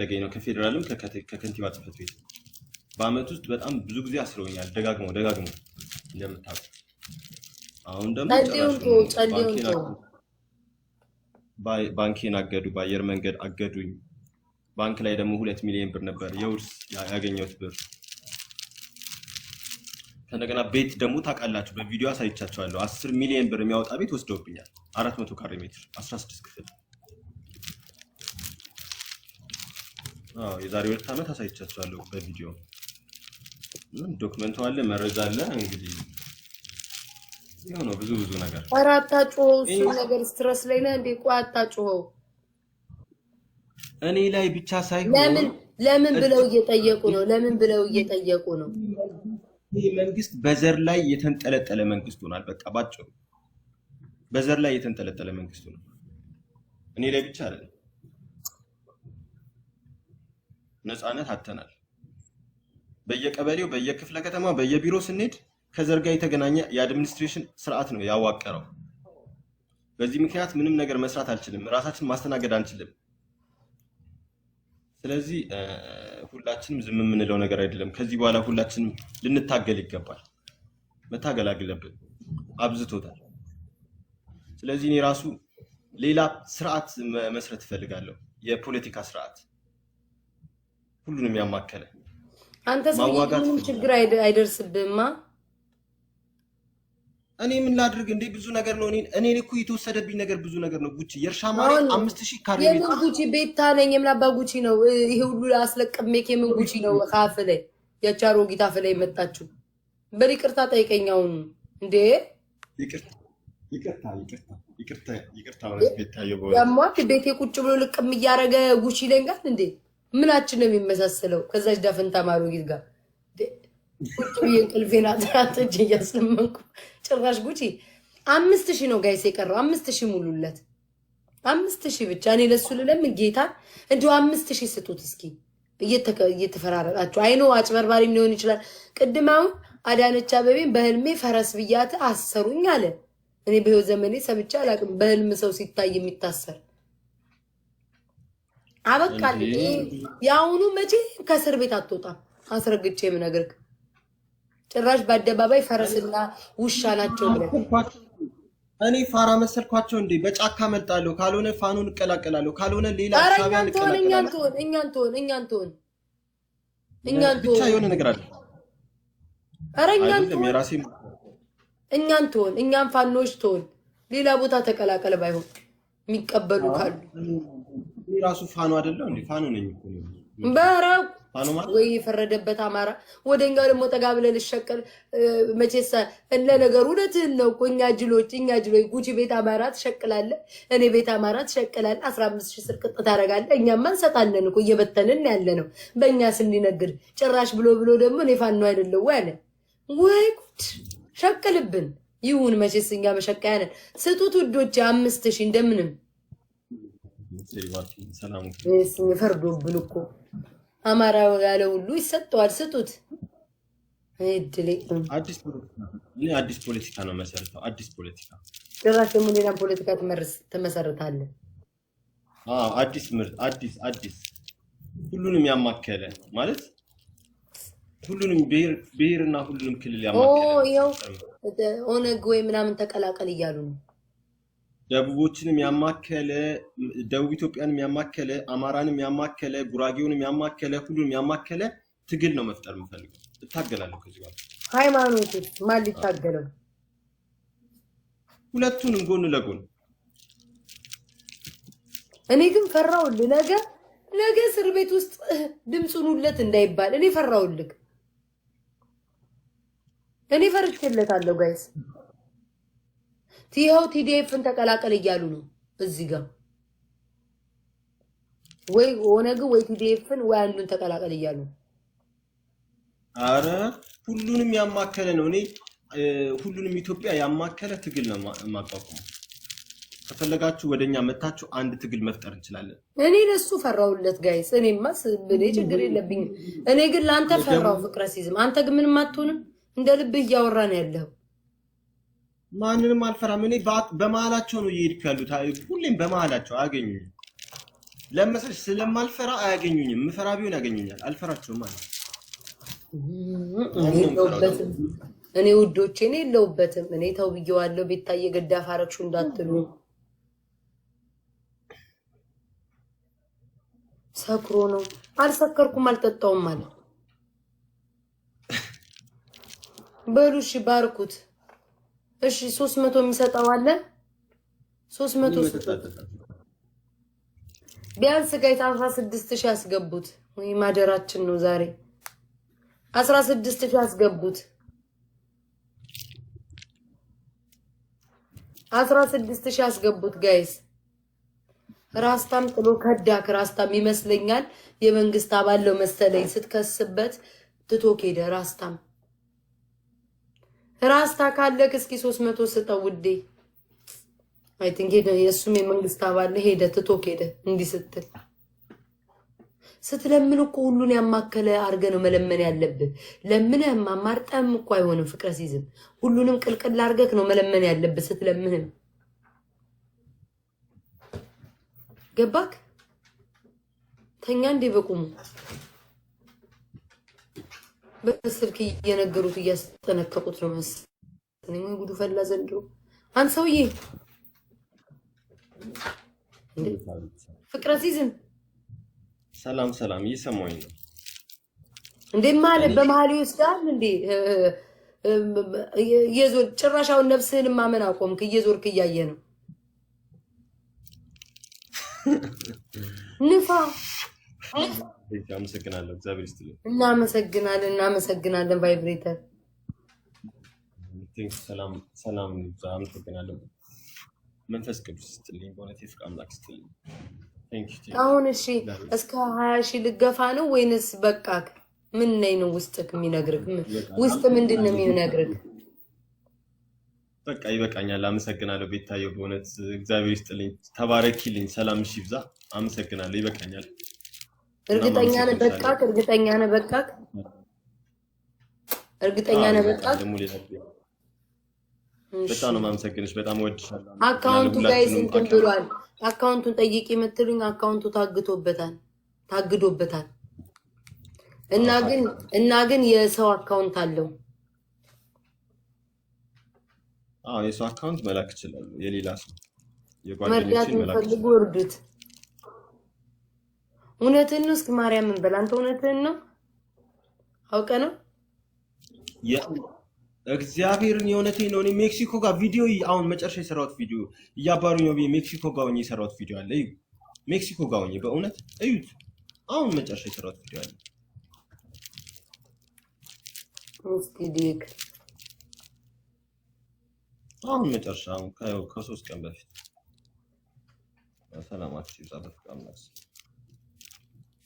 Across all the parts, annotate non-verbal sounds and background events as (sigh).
ለገኝ ነው ከፌዴራልም ከከንቲባ ጽህፈት ቤት በአመት ውስጥ በጣም ብዙ ጊዜ አስረውኛል። ደጋግሞ ደጋግሞ እንደምታውቁ አሁን ደግሞ ባንኬን አገዱ፣ በአየር መንገድ አገዱኝ። ባንክ ላይ ደግሞ ሁለት ሚሊዮን ብር ነበር የውርስ ያገኘሁት ብር። ከእንደገና ቤት ደግሞ ታውቃላችሁ፣ በቪዲዮ አሳይቻቸዋለሁ። አስር ሚሊዮን ብር የሚያወጣ ቤት ወስደውብኛል። አራት መቶ ካሬ ሜትር አስራ ስድስት ክፍል የዛሬ ሁለት ዓመት አሳይቻችኋለሁ በቪዲዮ ዶክመንት አለ፣ መረጃ አለ። እንግዲህ ነው ብዙ ብዙ ነገር ኧረ አታጩኸው፣ እሱ ነገር ስትረስ ላይ ነህ እንዴ? ቆይ አታጩኸው። እኔ ላይ ብቻ ሳይሆን ለምን ለምን ብለው እየጠየቁ ነው። ለምን ብለው እየጠየቁ ነው። ይህ መንግስት በዘር ላይ የተንጠለጠለ መንግስት ሆኗል። በቃ ባጭሩ በዘር ላይ የተንጠለጠለ መንግስት ነው እኔ ላይ ብቻ አይደለም። ነፃነት አተናል። በየቀበሌው በየክፍለ ከተማ በየቢሮ ስንሄድ ከዘር ጋር የተገናኘ የአድሚኒስትሬሽን ስርዓት ነው ያዋቀረው። በዚህ ምክንያት ምንም ነገር መስራት አልችልም፣ ራሳችን ማስተናገድ አንችልም። ስለዚህ ሁላችንም ዝም የምንለው ነገር አይደለም። ከዚህ በኋላ ሁላችንም ልንታገል ይገባል። መታገል አለብን፣ አብዝቶታል። ስለዚህ እኔ ራሱ ሌላ ስርዓት መስረት እፈልጋለሁ፣ የፖለቲካ ስርዓት ሁሉንም ያማከለ አንተ ሰው ችግር አይደርስብህማ። እኔ ምን ላድርግ እንዴ? ብዙ ነገር ነው። እኔ እኔ እኮ የተወሰደብኝ ነገር ብዙ ነገር ነው። ጉቺ የእርሻ ማረኝ አምስት ሺህ ካሬ ቤት ጉቺ ቤታ ነኝ። የምን አባ ጉቺ ነው ይሄ ሁሉ አስለቅሜ የምን ጉቺ ነው? ካፍ ላይ ያቺ አሮጊት አፍ ላይ መጣችሁ። በል ይቅርታ ጠይቀኝ እንዴ። ይቅርታ ይቅርታ ይቅርታ ይቅርታ። ቤታየው ደግሞ ቤቴ ቁጭ ብሎ ልቅም እያደረገ ጉቺ ይለኛል እንዴ ምናችን ነው የሚመሳሰለው? ከዛች ዳፍን ተማሩ ጊት ጋር ቁጭ ብዬ እንቅልፌን አጥራጥጅ እያስለመንኩ ጭራሽ ጉቺ አምስት ሺህ ነው ጋይስ የቀረው። አምስት ሺህ ሙሉለት፣ አምስት ሺህ ብቻ እኔ ለሱ ልለም ጌታ እንዲሁ አምስት ሺህ ስጡት እስኪ እየተፈራረጣችሁ አይኖ አጭበርባሪም ሊሆን ይችላል። ቅድም አሁን አዳነች አበቤን በህልሜ ፈረስ ብያት አሰሩኝ አለ። እኔ በህይወት ዘመኔ ሰምቼ አላውቅም፣ በህልም ሰው ሲታይ የሚታሰር አበቃል። የአሁኑ መቼ ከእስር ቤት አትወጣም። አስረግቼ የምነግርህ ጭራሽ በአደባባይ ፈረስና ውሻ ናቸው ብለህ እኔ ፋራ መሰልኳቸው እንዴ? በጫካ መልጣለሁ፣ ካልሆነ ፋኑን እቀላቀላለሁ፣ ካልሆነ ሌላ እኛን ትሆን እኛን ትሆን እኛን ትሆን ብቻ የሆነ ነገር አለ። ኧረ እኛን ትሆን እኛን ትሆን እኛን ፋኖች ትሆን ሌላ ቦታ ተቀላቀል ባይሆን የሚቀበሉ ካሉ ራሱ ፋኖ አደለ እንዴ? ፋኖ ነኝ እኮ በረው ወይ የፈረደበት አማራ ወደ እኛ ደግሞ ተጋብለ ልሸቀል መቼሳ እለ ነገር እውነትህን ነው እኮ እኛ ጅሎች እኛ ጅሎች ጉቺ ቤት አማራ ትሸቅላለ፣ እኔ ቤት አማራ ትሸቅላለ። አስራ አምስት ሺህ ስር ቅጥ ታደርጋለ። እኛማ እንሰጣለን እኮ እየበተንን ያለ ነው በእኛ ስንነግድ ጭራሽ ብሎ ብሎ ደግሞ እኔ ፋኖ አይደለው ወይ አለ ወይ ጉድ ሸቅልብን ይሁን መቼስ እኛ መሸቀያ ነን። ስጡት ውዶች፣ አምስት ሺ እንደምንም ፈርዶብን እኮ አማራ ያለ ሁሉ ይሰጠዋል። ስጡት። አዲስ ፖለቲካ ነው መሰረተው። አዲስ ፖለቲካ ጭራሽ ደግሞ ፖለቲካ አዲስ ምርት፣ አዲስ አዲስ ሁሉንም ያማከለ ማለት ሁሉንም ብሔርና ሁሉንም ክልል ያማይው ኦነግ ወይ ምናምን ተቀላቀል እያሉ ነው። ደቡቦችንም ያማከለ ደቡብ ኢትዮጵያንም ያማከለ አማራንም ያማከለ ጉራጌውንም ያማከለ ሁሉንም ያማከለ ትግል ነው መፍጠር የምፈልገው። እታገላለሁ። ከዚህ ጋር ሃይማኖት ማን ሊታገለው? ሁለቱንም ጎን ለጎን እኔ ግን ፈራውልህ ነገ ነገ እስር ቤት ውስጥ ድምፁን ሁለት እንዳይባል እኔ ፈራውልህ። እኔ ፈርቼለታለሁ። ጋይስ ቲሆ ቲዲኤፍን ተቀላቀል እያሉ ነው እዚህ ጋር ወይ ኦነግን ወይ ቲዲኤፍን ወይ አንዱን ተቀላቀል እያሉ ነው። አረ ሁሉንም ያማከለ ነው። እኔ ሁሉንም ኢትዮጵያ ያማከለ ትግል ነው የማቋቁመው። ከፈለጋችሁ ወደኛ መታችሁ አንድ ትግል መፍጠር እንችላለን። እኔ ለሱ ፈራውለት ጋይስ። እኔማ ችግር የለብኝም። እኔ ግን ለአንተ ፈራው ፍቅረ ሲዝም አንተ ግን ምንም አትሆንም። እንደ ልብ እያወራ ነው ያለው። ማንንም አልፈራም። እኔ በመሀላቸው ነው እየሄድኩ ያሉት። ሁሌም በመሀላቸው አያገኙኝም። ለመሰለሽ ስለማልፈራ አያገኙኝም። ምፈራ ቢሆን ያገኙኛል። አልፈራቸውም ማለት እኔ ውዶቼ፣ እኔ የለውበትም። እኔ ተው ብዬዋለሁ። ቤታዬ ገዳፍ አረግሹ እንዳትሉ ሰክሮ ነው። አልሰከርኩም፣ አልጠጣውም አለ በሉ እሺ፣ ባርኩት። እሺ፣ ሶስት መቶ የሚሰጠው አለ። ሶስት መቶ ቢያንስ ጋይት አስራ ስድስት ሺህ ያስገቡት። ወይ ማደራችን ነው ዛሬ። አስራ ስድስት ሺህ ያስገቡት። አስራ ስድስት ሺህ ያስገቡት ጋይስ። ራስታም ጥሎ ከዳክ። ራስታም ይመስለኛል የመንግስት አባል መሰለኝ ስትከስበት ትቶ ሄደ ራስታም ራስታ ካለክ እስኪ ሶስት መቶ ስጠው ውዴ። አይ ቲንክ ሄደ፣ የእሱም የመንግስት አባል ሄደ፣ ትቶክ ሄደ። እንዲህ ስትል ስትለምን እኮ ሁሉን ያማከለ አድርገህ ነው መለመን ያለብህ። ለምንህም አማርጠህም እኮ አይሆንም። ፍቅረ ሲዝም ሁሉንም ቅልቅል አድርገህ ነው መለመን ያለብህ። ስትለምንም ገባክ? ተኛ እንዴ በቁሙ በስልክ እየነገሩት እያስጠነቀቁት ነው መሰለኝ። ወይ ጉዱ ፈላ ዘንድሮ። አንድ ሰውዬ ፍቅረ ሲዝም ሰላም ሰላም፣ እየሰማኝ ነው እንዴ? ማለት በመሀል ይወስዳል እንዴ? እየዞር ጭራሻውን ነፍስህን ማመን አቆምክ። እየዞርክ እያየ ነው (laughs) ንፋ አመሰግናለሁ። እግዚአብሔር ይስጥልኝ። እናመሰግናለን፣ እናመሰግናለን። ቫይብሬተር ሰላም፣ አመሰግናለሁ። መንፈስ ቅዱስ ይስጥልኝ፣ በእውነት አምላክ ይስጥልኝ። አሁን እሺ፣ እስከ ሀያ ሺህ ልገፋ ነው ወይንስ በቃ ምን ነኝ ነው ውስጥ የሚነግርህ? ውስጥ ምንድን ነው የሚነግርህ? በቃ ይበቃኛል። አመሰግናለሁ። ቤታየው በእውነት እግዚአብሔር ይስጥልኝ። ተባረኪልኝ። ሰላም ሺህ ብዛ አመሰግናለሁ። ይበቃኛል። እርግጠኛ ነህ በቃክ? እርግጠኛ ነህ በቃክ? እርግጠኛ ነህ በቃክ? በጣም ነው የማመሰግንሽ። በጣም ወድሻለሁ። አካውንቱ ጋይስ እንትን ብሏል። አካውንቱን ጠይቂ የምትሉኝ አካውንቱ ታግቶበታል፣ ታግዶበታል። እና ግን እና ግን የሰው አካውንት አለው። አዎ የሰው አካውንት መላክ ይችላል። የሌላ ሰው የጓደኞችን መላክ ይችላል። እርዱት እውነትህን ነው። እስኪ ማርያምን በል አንተ እውነትህን ነው። አውቀ ነው እግዚአብሔርን የእውነቴን ነው። እኔ ሜክሲኮ ጋር ቪዲዮ አሁን መጨረሻ የሰራሁት ቪዲዮ እያባሩ ነው። ሜክሲኮ ጋር ሆኜ የሰራሁት ቪዲዮ አለ። እዩ፣ ሜክሲኮ ጋር ሆኜ በእውነት እዩት። አሁን መጨረሻ የሰራሁት ቪዲዮ አለ። አሁን መጨረሻ ከሶስት ቀን በፊት ሰላማችሁ ይብዛ።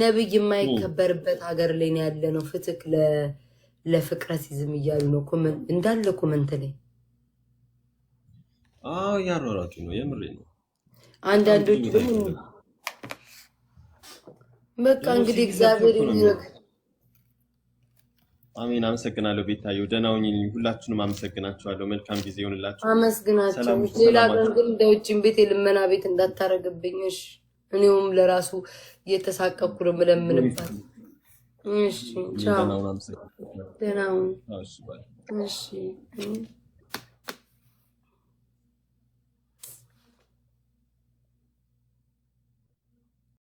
ነብይ የማይከበርበት ሀገር ላይ ነው ያለ ነው። ፍትክ ለፍቅረት ይዝም እያሉ ነው እንዳለ ኮመንት ላይ ያሯራጡ ነው። የምሬ ነው። አንዳንዶች ደግሞ በቃ እንግዲህ እግዚአብሔር ይዘግ። አሜን። አመሰግናለሁ። ቤታየው ደህና ሁኚ። ሁላችሁንም አመሰግናችኋለሁ። መልካም ጊዜ ይሆንላችሁ። አመስግናቸው። ሌላ ግን እንደ ውጭን ቤት የልመና ቤት እንዳታረግብኝ እኔውም ለራሱ እየተሳቀኩ ነው የምለምንባት። ደህና ሁን።